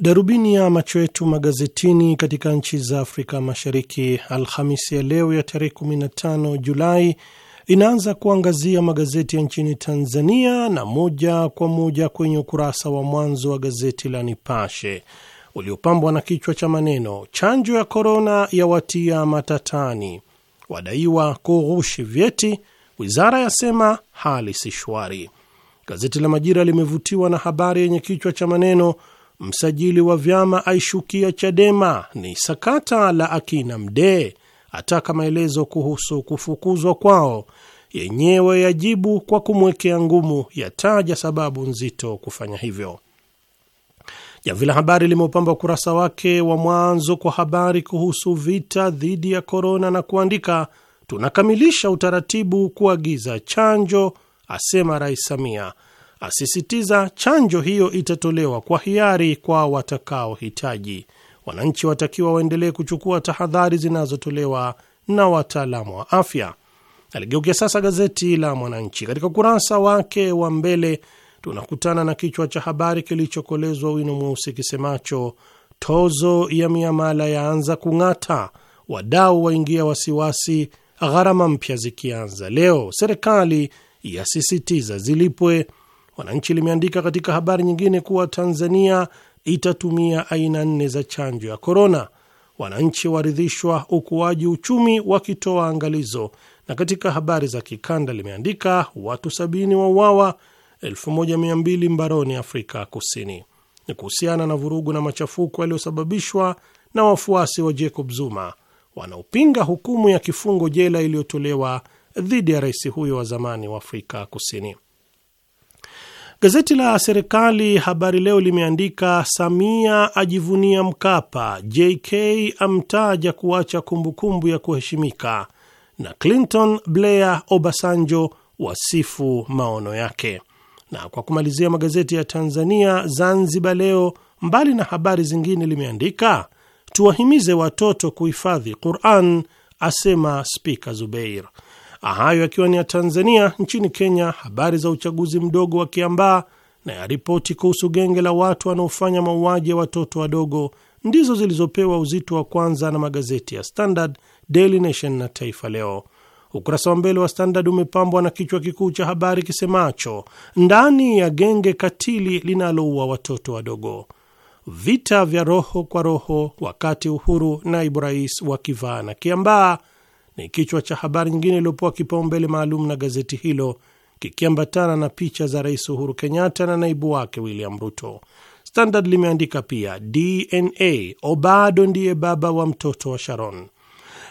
Darubini ya macho yetu magazetini katika nchi za Afrika Mashariki Alhamisi ya leo ya tarehe 15 Julai inaanza kuangazia magazeti ya nchini Tanzania na moja kwa moja kwenye ukurasa wa mwanzo wa gazeti la Nipashe uliopambwa na kichwa cha maneno chanjo ya korona ya watia matatani, wadaiwa kughushi vyeti, wizara yasema hali si shwari. Gazeti la Majira limevutiwa na habari yenye kichwa cha maneno Msajili wa vyama aishukia Chadema ni sakata la akina Mdee, ataka maelezo kuhusu kufukuzwa kwao, yenyewe yajibu kwa kumwekea ngumu, yataja sababu nzito kufanya hivyo. Jamvi la Habari limeupamba ukurasa wake wa mwanzo kwa habari kuhusu vita dhidi ya korona na kuandika, tunakamilisha utaratibu kuagiza chanjo, asema Rais Samia asisitiza chanjo hiyo itatolewa kwa hiari kwa watakaohitaji. Wananchi watakiwa waendelee kuchukua tahadhari zinazotolewa na wataalamu wa afya. Aligeukia sasa gazeti la Mwananchi. Katika ukurasa wake wa mbele, tunakutana na kichwa cha habari kilichokolezwa wino mweusi kisemacho tozo ya miamala yaanza kung'ata, wadau waingia wasiwasi, gharama mpya zikianza leo, serikali yasisitiza zilipwe Wananchi limeandika katika habari nyingine kuwa Tanzania itatumia aina nne za chanjo ya korona. Wananchi waridhishwa ukuaji uchumi, wakitoa angalizo. Na katika habari za kikanda limeandika watu sabini wauawa, 1200 mbaroni Afrika Kusini. Ni kuhusiana na vurugu na machafuko yaliyosababishwa na wafuasi wa Jacob Zuma wanaopinga hukumu ya kifungo jela iliyotolewa dhidi ya rais huyo wa zamani wa Afrika Kusini. Gazeti la serikali Habari Leo limeandika Samia ajivunia Mkapa, JK amtaja kuacha kumbukumbu ya kuheshimika, na Clinton, Blair, Obasanjo wasifu maono yake. Na kwa kumalizia magazeti ya Tanzania, Zanzibar Leo mbali na habari zingine limeandika tuwahimize watoto kuhifadhi Quran, asema Spika Zubeir. Hayo yakiwa ni ya Tanzania. Nchini Kenya, habari za uchaguzi mdogo wa Kiambaa na ya ripoti kuhusu genge la watu wanaofanya mauaji ya watoto wadogo ndizo zilizopewa uzito wa kwanza na magazeti ya Standard, Daily Nation na Taifa Leo. Ukurasa wa mbele wa Standard umepambwa na kichwa kikuu cha habari kisemacho ndani ya genge katili linaloua watoto wadogo, vita vya roho kwa roho, wakati Uhuru naibu rais wakivaa na Kiambaa ni kichwa cha habari nyingine iliyopewa kipaumbele maalum na gazeti hilo kikiambatana na picha za Rais Uhuru Kenyatta na naibu wake William Ruto. Standard limeandika pia DNA Obado ndiye baba wa mtoto wa Sharon,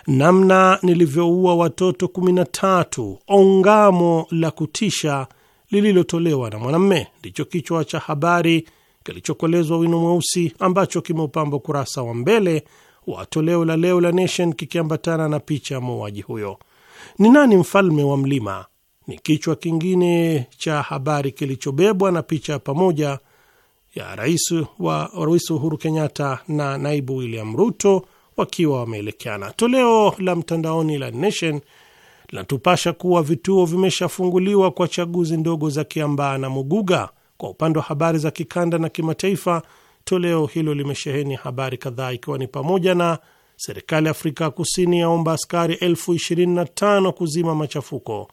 namna nilivyoua watoto 13, ongamo la kutisha lililotolewa na mwanamme, ndicho kichwa cha habari kilichokolezwa wino mweusi ambacho kimeupamba ukurasa wa mbele wa toleo la leo la Nation kikiambatana na picha ya muuaji huyo. Ni nani mfalme wa mlima? Ni kichwa kingine cha habari kilichobebwa na picha ya pamoja ya rais wa Rais Uhuru Kenyatta na naibu William Ruto wakiwa wameelekeana. Toleo la mtandaoni la Nation linatupasha kuwa vituo vimeshafunguliwa kwa chaguzi ndogo za Kiambaa na Muguga. Kwa upande wa habari za kikanda na kimataifa, Toleo hilo limesheheni habari kadhaa ikiwa ni pamoja na serikali ya Afrika Kusini yaomba askari elfu 25 kuzima machafuko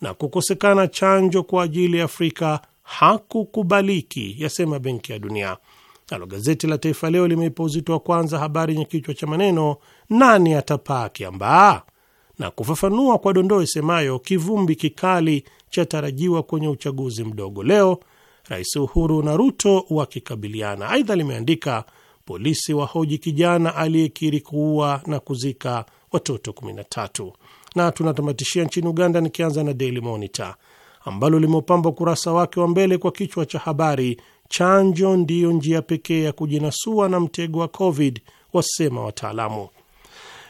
na kukosekana chanjo kwa ajili ya Afrika hakukubaliki, yasema Benki ya Dunia. Nalo gazeti la Taifa Leo limeipa uzito wa kwanza habari yenye kichwa cha maneno nani atapaa kiambaa, na kufafanua kwa dondoo isemayo kivumbi kikali chatarajiwa kwenye uchaguzi mdogo leo Rais Uhuru na Ruto wakikabiliana. Aidha limeandika polisi wahoji kijana aliyekiri kuua na kuzika watoto 13. Na tunatamatishia nchini Uganda, nikianza na Daily Monitor ambalo limeupamba ukurasa wake wa mbele kwa kichwa cha habari, chanjo ndiyo njia pekee ya kujinasua na mtego wa Covid, wasema wataalamu.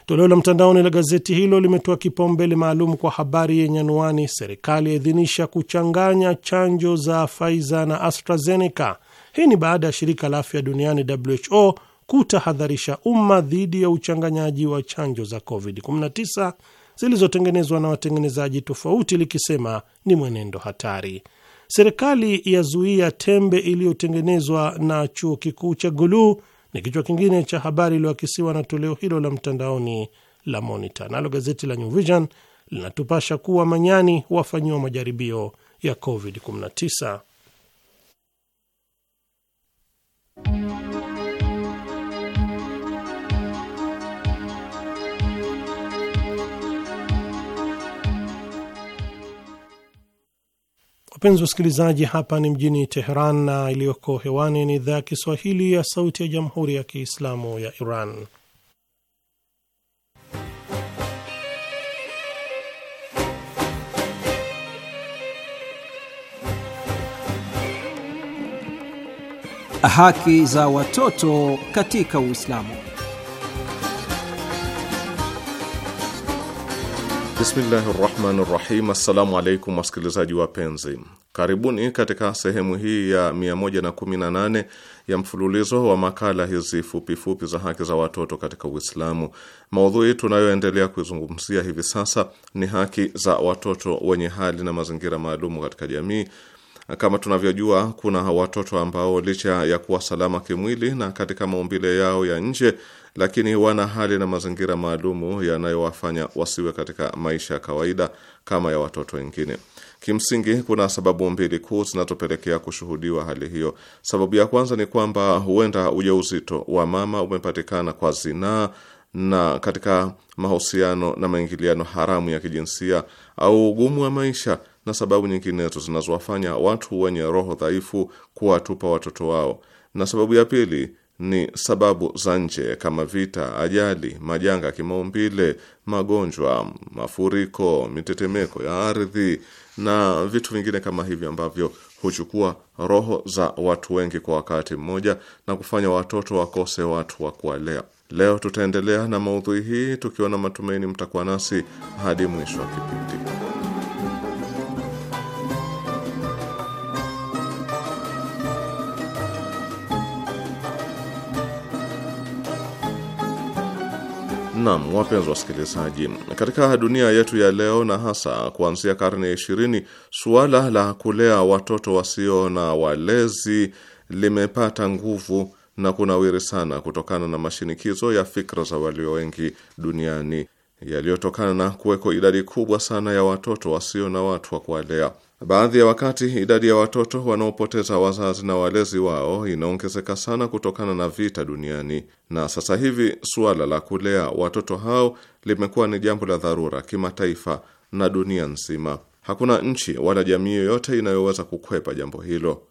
Toleo la mtandaoni la gazeti hilo limetoa kipaumbele maalum kwa habari yenye anwani, serikali yaidhinisha kuchanganya chanjo za Pfizer na AstraZeneca. Hii ni baada ya shirika la afya duniani WHO kutahadharisha umma dhidi ya uchanganyaji wa chanjo za COVID-19 zilizotengenezwa na watengenezaji tofauti, likisema ni mwenendo hatari. Serikali yazuia tembe iliyotengenezwa na chuo kikuu cha guluu ni kichwa kingine cha habari iliyoakisiwa na toleo hilo la mtandaoni la Monita. Nalo gazeti la New Vision linatupasha kuwa manyani wafanyiwa majaribio ya COVID-19. Wapenzi wasikilizaji, hapa ni mjini Teheran na iliyoko hewani ni idhaa ya Kiswahili ya Sauti ya Jamhuri ya Kiislamu ya Iran. Haki za watoto katika Uislamu. Bismillahi rahmani rahim. Assalamu alaikum wasikilizaji wapenzi, karibuni katika sehemu hii ya 118 ya mfululizo wa makala hizi fupifupi za haki za watoto katika Uislamu. Maudhui tunayoendelea kuizungumzia hivi sasa ni haki za watoto wenye hali na mazingira maalumu katika jamii. Kama tunavyojua, kuna watoto ambao licha ya kuwa salama kimwili na katika maumbile yao ya nje lakini wana hali na mazingira maalumu yanayowafanya wasiwe katika maisha ya kawaida kama ya watoto wengine. Kimsingi, kuna sababu mbili kuu zinazopelekea kushuhudiwa hali hiyo. Sababu ya kwanza ni kwamba huenda ujauzito wa mama umepatikana kwa zinaa na katika mahusiano na maingiliano haramu ya kijinsia au ugumu wa maisha na sababu nyinginezo zinazowafanya watu wenye roho dhaifu kuwatupa watoto wao. Na sababu ya pili ni sababu za nje kama vita, ajali, majanga ya kimaumbile, magonjwa, mafuriko, mitetemeko ya ardhi na vitu vingine kama hivyo ambavyo huchukua roho za watu wengi kwa wakati mmoja na kufanya watoto wakose watu wa kuwalea. Leo tutaendelea na maudhui hii tukiwa na matumaini mtakuwa nasi hadi mwisho wa kipindi. Naam, wapenzi wasikilizaji, katika dunia yetu ya leo na hasa kuanzia karne ya ishirini, suala la kulea watoto wasio na walezi limepata nguvu na kunawiri sana kutokana na mashinikizo ya fikra za walio wengi duniani yaliyotokana na kuweko idadi kubwa sana ya watoto wasio na watu wa kuwalea. Baadhi ya wakati idadi ya watoto wanaopoteza wazazi na walezi wao inaongezeka sana kutokana na vita duniani, na sasa hivi suala la kulea watoto hao limekuwa ni jambo la dharura kimataifa na dunia nzima. Hakuna nchi wala jamii yoyote inayoweza kukwepa jambo hilo.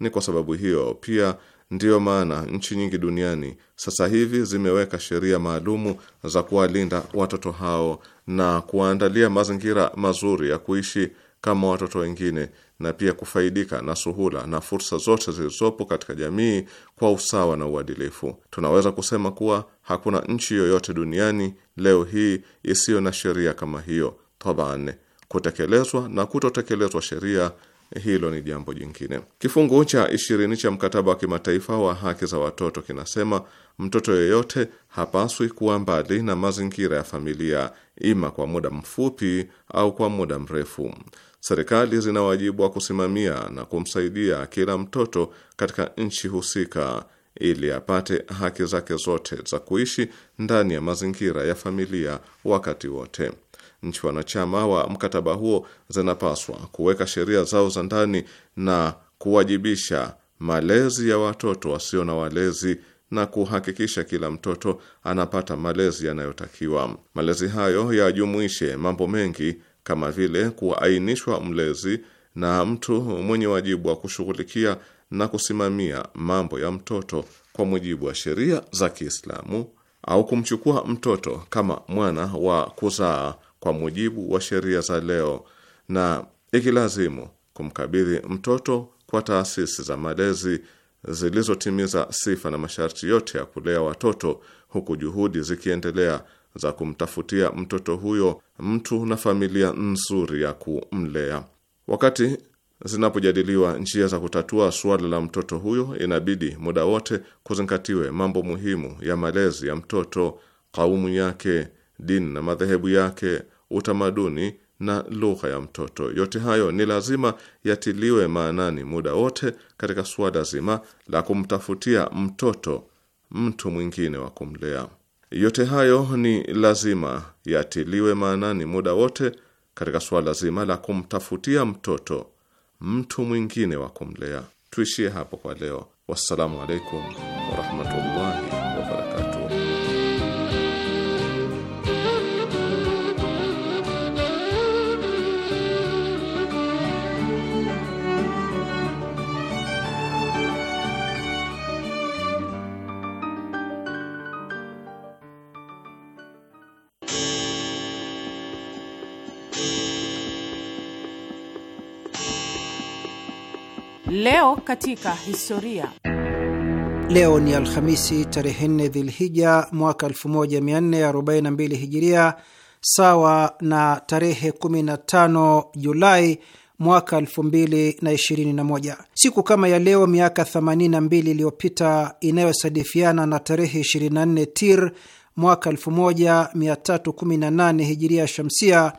Ni kwa sababu hiyo pia ndiyo maana nchi nyingi duniani sasa hivi zimeweka sheria maalumu za kuwalinda watoto hao na kuwaandalia mazingira mazuri ya kuishi kama watoto wengine na pia kufaidika na suhula na fursa zote zilizopo katika jamii kwa usawa na uadilifu. Tunaweza kusema kuwa hakuna nchi yoyote duniani leo hii isiyo na sheria kama hiyo. Taban, kutekelezwa na kutotekelezwa sheria hilo ni jambo jingine. Kifungu cha ishirini cha mkataba wa kimataifa wa haki za watoto kinasema mtoto yeyote hapaswi kuwa mbali na mazingira ya familia, ima kwa muda mfupi au kwa muda mrefu. Serikali zina wajibu wa kusimamia na kumsaidia kila mtoto katika nchi husika ili apate haki zake zote za kuishi ndani ya mazingira ya familia wakati wote. Nchi wanachama wa mkataba huo zinapaswa kuweka sheria zao za ndani na kuwajibisha malezi ya watoto wasio na walezi na kuhakikisha kila mtoto anapata malezi yanayotakiwa. Malezi hayo yajumuishe mambo mengi kama vile kuainishwa mlezi na mtu mwenye wajibu wa kushughulikia na kusimamia mambo ya mtoto kwa mujibu wa sheria za Kiislamu au kumchukua mtoto kama mwana wa kuzaa kwa mujibu wa sheria za leo na ikilazimu kumkabidhi mtoto kwa taasisi za malezi zilizotimiza sifa na masharti yote ya kulea watoto huku juhudi zikiendelea za kumtafutia mtoto huyo mtu na familia nzuri ya kumlea. Wakati zinapojadiliwa njia za kutatua suala la mtoto huyo, inabidi muda wote kuzingatiwe mambo muhimu ya malezi ya mtoto, kaumu yake, dini na madhehebu yake, utamaduni na lugha ya mtoto. Yote hayo ni lazima yatiliwe maanani muda wote katika suala zima la kumtafutia mtoto mtu mwingine wa kumlea. Yote hayo ni lazima yatiliwe maanani muda wote katika suala zima la kumtafutia mtoto mtu mwingine wa kumlea. Tuishie hapo kwa leo. Wassalamu alaikum warahmatullah. Leo katika historia. Leo ni Alhamisi tarehe nne Dhilhija mwaka 1442 Hijiria, sawa na tarehe 15 Julai mwaka 2021. Siku kama ya leo miaka 82 iliyopita, inayosadifiana na tarehe 24 Tir mwaka 1318 Hijiria Shamsia,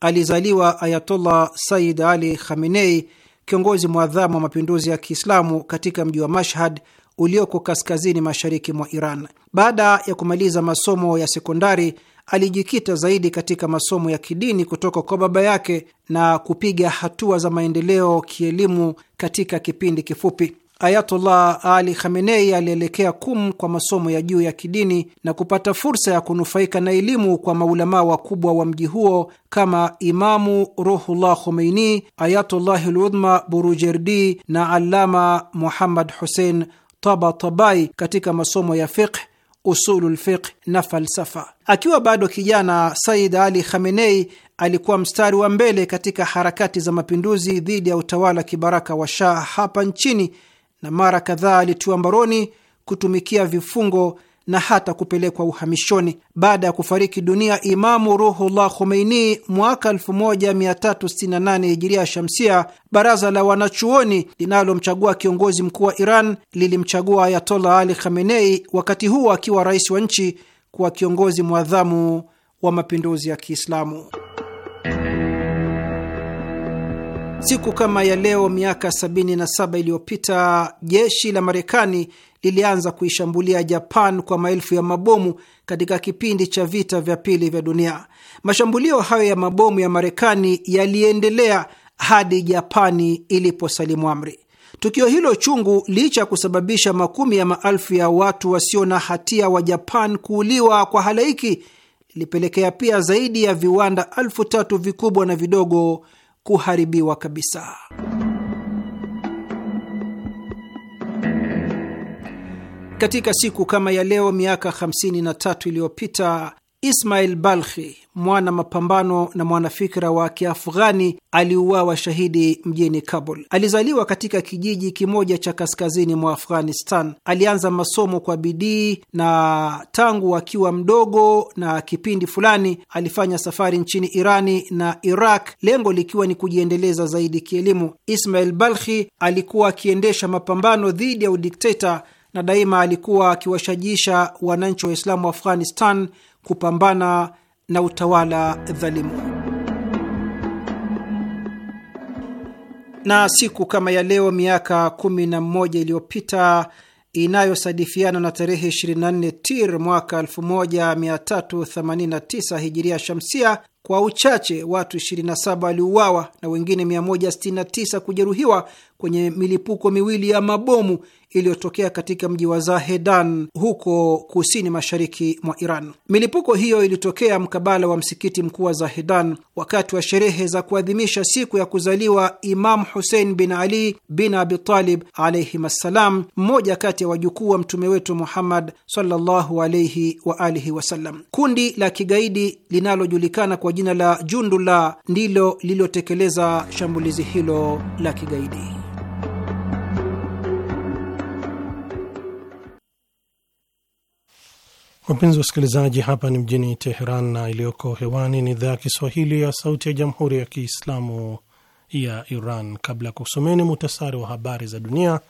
alizaliwa Ayatollah Said Ali Khamenei, kiongozi mwadhamu wa mapinduzi ya Kiislamu katika mji wa Mashhad ulioko kaskazini mashariki mwa Iran. Baada ya kumaliza masomo ya sekondari, alijikita zaidi katika masomo ya kidini kutoka kwa baba yake na kupiga hatua za maendeleo kielimu katika kipindi kifupi. Ayatullah Ali Khamenei alielekea Kum kwa masomo ya juu ya kidini na kupata fursa ya kunufaika na elimu kwa maulamaa wakubwa wa, wa mji huo kama Imamu Ruhullah Khomeini, ayatullahi Ludhma Burujerdi na Allama Muhammad Hussein Tabatabai katika masomo ya fiqh usulul fiqh na falsafa. Akiwa bado kijana, Said Ali Khamenei alikuwa mstari wa mbele katika harakati za mapinduzi dhidi ya utawala kibaraka wa Shah hapa nchini na mara kadhaa alitiwa mbaroni, kutumikia vifungo na hata kupelekwa uhamishoni. Baada ya kufariki dunia Imamu Ruhullah Khomeini mwaka 1368 hijiria shamsia, baraza la wanachuoni linalomchagua kiongozi mkuu wa Iran lilimchagua Ayatollah Ali Khamenei, wakati huo akiwa rais wa nchi, kuwa kiongozi mwadhamu wa mapinduzi ya Kiislamu. Siku kama ya leo miaka 77 iliyopita jeshi la Marekani lilianza kuishambulia Japan kwa maelfu ya mabomu katika kipindi cha vita vya pili vya dunia. Mashambulio hayo ya mabomu ya Marekani yaliendelea hadi Japani iliposalimu amri. Tukio hilo chungu, licha ya kusababisha makumi ya maelfu ya watu wasio na hatia wa Japan kuuliwa kwa halaiki, lilipelekea pia zaidi ya viwanda elfu tatu vikubwa na vidogo kuharibiwa kabisa. Katika siku kama ya leo miaka 53 iliyopita Ismail Balkhi, mwana mapambano na mwanafikira wa Kiafghani, aliuawa shahidi mjini Kabul. Alizaliwa katika kijiji kimoja cha kaskazini mwa Afghanistan. Alianza masomo kwa bidii na tangu akiwa mdogo, na kipindi fulani alifanya safari nchini Irani na Iraq, lengo likiwa ni kujiendeleza zaidi kielimu. Ismail Balkhi alikuwa akiendesha mapambano dhidi ya udikteta na daima alikuwa akiwashajisha wananchi wa Islamu wa Afghanistan kupambana na utawala dhalimu. Na siku kama ya leo miaka kumi na mmoja iliyopita inayosadifiana na tarehe 24 Tir mwaka 1389 hijiria shamsia, kwa uchache watu 27 waliuawa na wengine 169 kujeruhiwa kwenye milipuko miwili ya mabomu iliyotokea katika mji wa Zahedan huko kusini mashariki mwa Iran. Milipuko hiyo ilitokea mkabala wa msikiti mkuu wa Zahedan wakati wa sherehe za kuadhimisha siku ya kuzaliwa Imam Husein bin Ali bin Abitalib alaihim assalam, mmoja kati ya wajukuu wa mtume wetu Muhammad sallallahu alaihi wa alihi wasallam. Kundi la kigaidi linalojulikana kwa jina la Jundula ndilo lililotekeleza shambulizi hilo la kigaidi. Wapenzi wasikilizaji, hapa ni mjini Teheran na iliyoko hewani ni idhaa ya Kiswahili ya Sauti ya Jamhuri ya Kiislamu ya Iran. Kabla ya kusomeni muhtasari wa habari za dunia,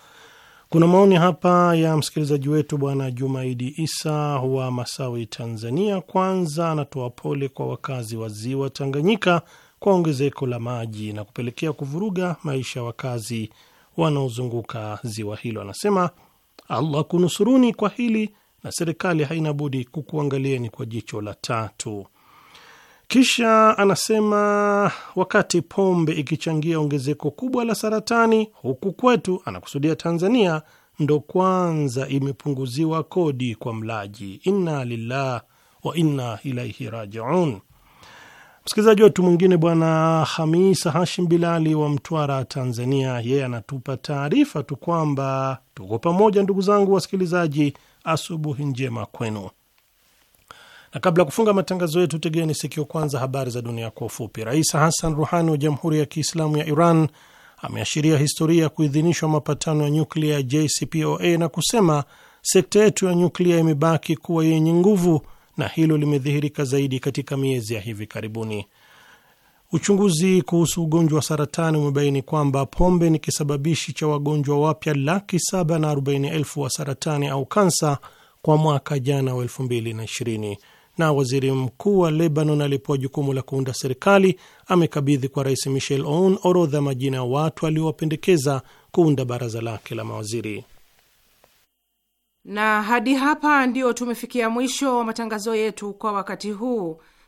kuna maoni hapa ya msikilizaji wetu Bwana Jumaidi Isa wa Masawi, Tanzania. Kwanza anatoa pole kwa wakazi wa ziwa Tanganyika kwa ongezeko la maji na kupelekea kuvuruga maisha ya wakazi wanaozunguka ziwa hilo. Anasema Allah kunusuruni kwa hili na serikali haina budi kukuangalieni kwa jicho la tatu. Kisha anasema wakati pombe ikichangia ongezeko kubwa la saratani huku kwetu, anakusudia Tanzania, ndo kwanza imepunguziwa kodi kwa mlaji. Inna lillah wa inna ilaihi rajiun. Msikilizaji wetu mwingine Bwana Hamisa Hashim Bilali wa Mtwara, Tanzania, yeye anatupa taarifa tu kwamba tuko pamoja, ndugu zangu wasikilizaji asubuhi njema kwenu. Na kabla ya kufunga matangazo yetu, tegeni sikio kwanza habari za dunia kwa ufupi. Rais Hassan Ruhani wa Jamhuri ya Kiislamu ya Iran ameashiria historia ya kuidhinishwa mapatano ya nyuklia ya JCPOA na kusema sekta yetu ya nyuklia imebaki kuwa yenye nguvu na hilo limedhihirika zaidi katika miezi ya hivi karibuni. Uchunguzi kuhusu ugonjwa wa saratani umebaini kwamba pombe ni kisababishi cha wagonjwa wapya laki saba na arobaini elfu wa saratani au kansa kwa mwaka jana wa 2020. Na waziri mkuu wa Lebanon alipewa jukumu la kuunda serikali amekabidhi kwa Rais Michel Aoun orodha majina ya watu aliowapendekeza kuunda baraza lake la mawaziri. Na hadi hapa ndio tumefikia mwisho wa matangazo yetu kwa wakati huu.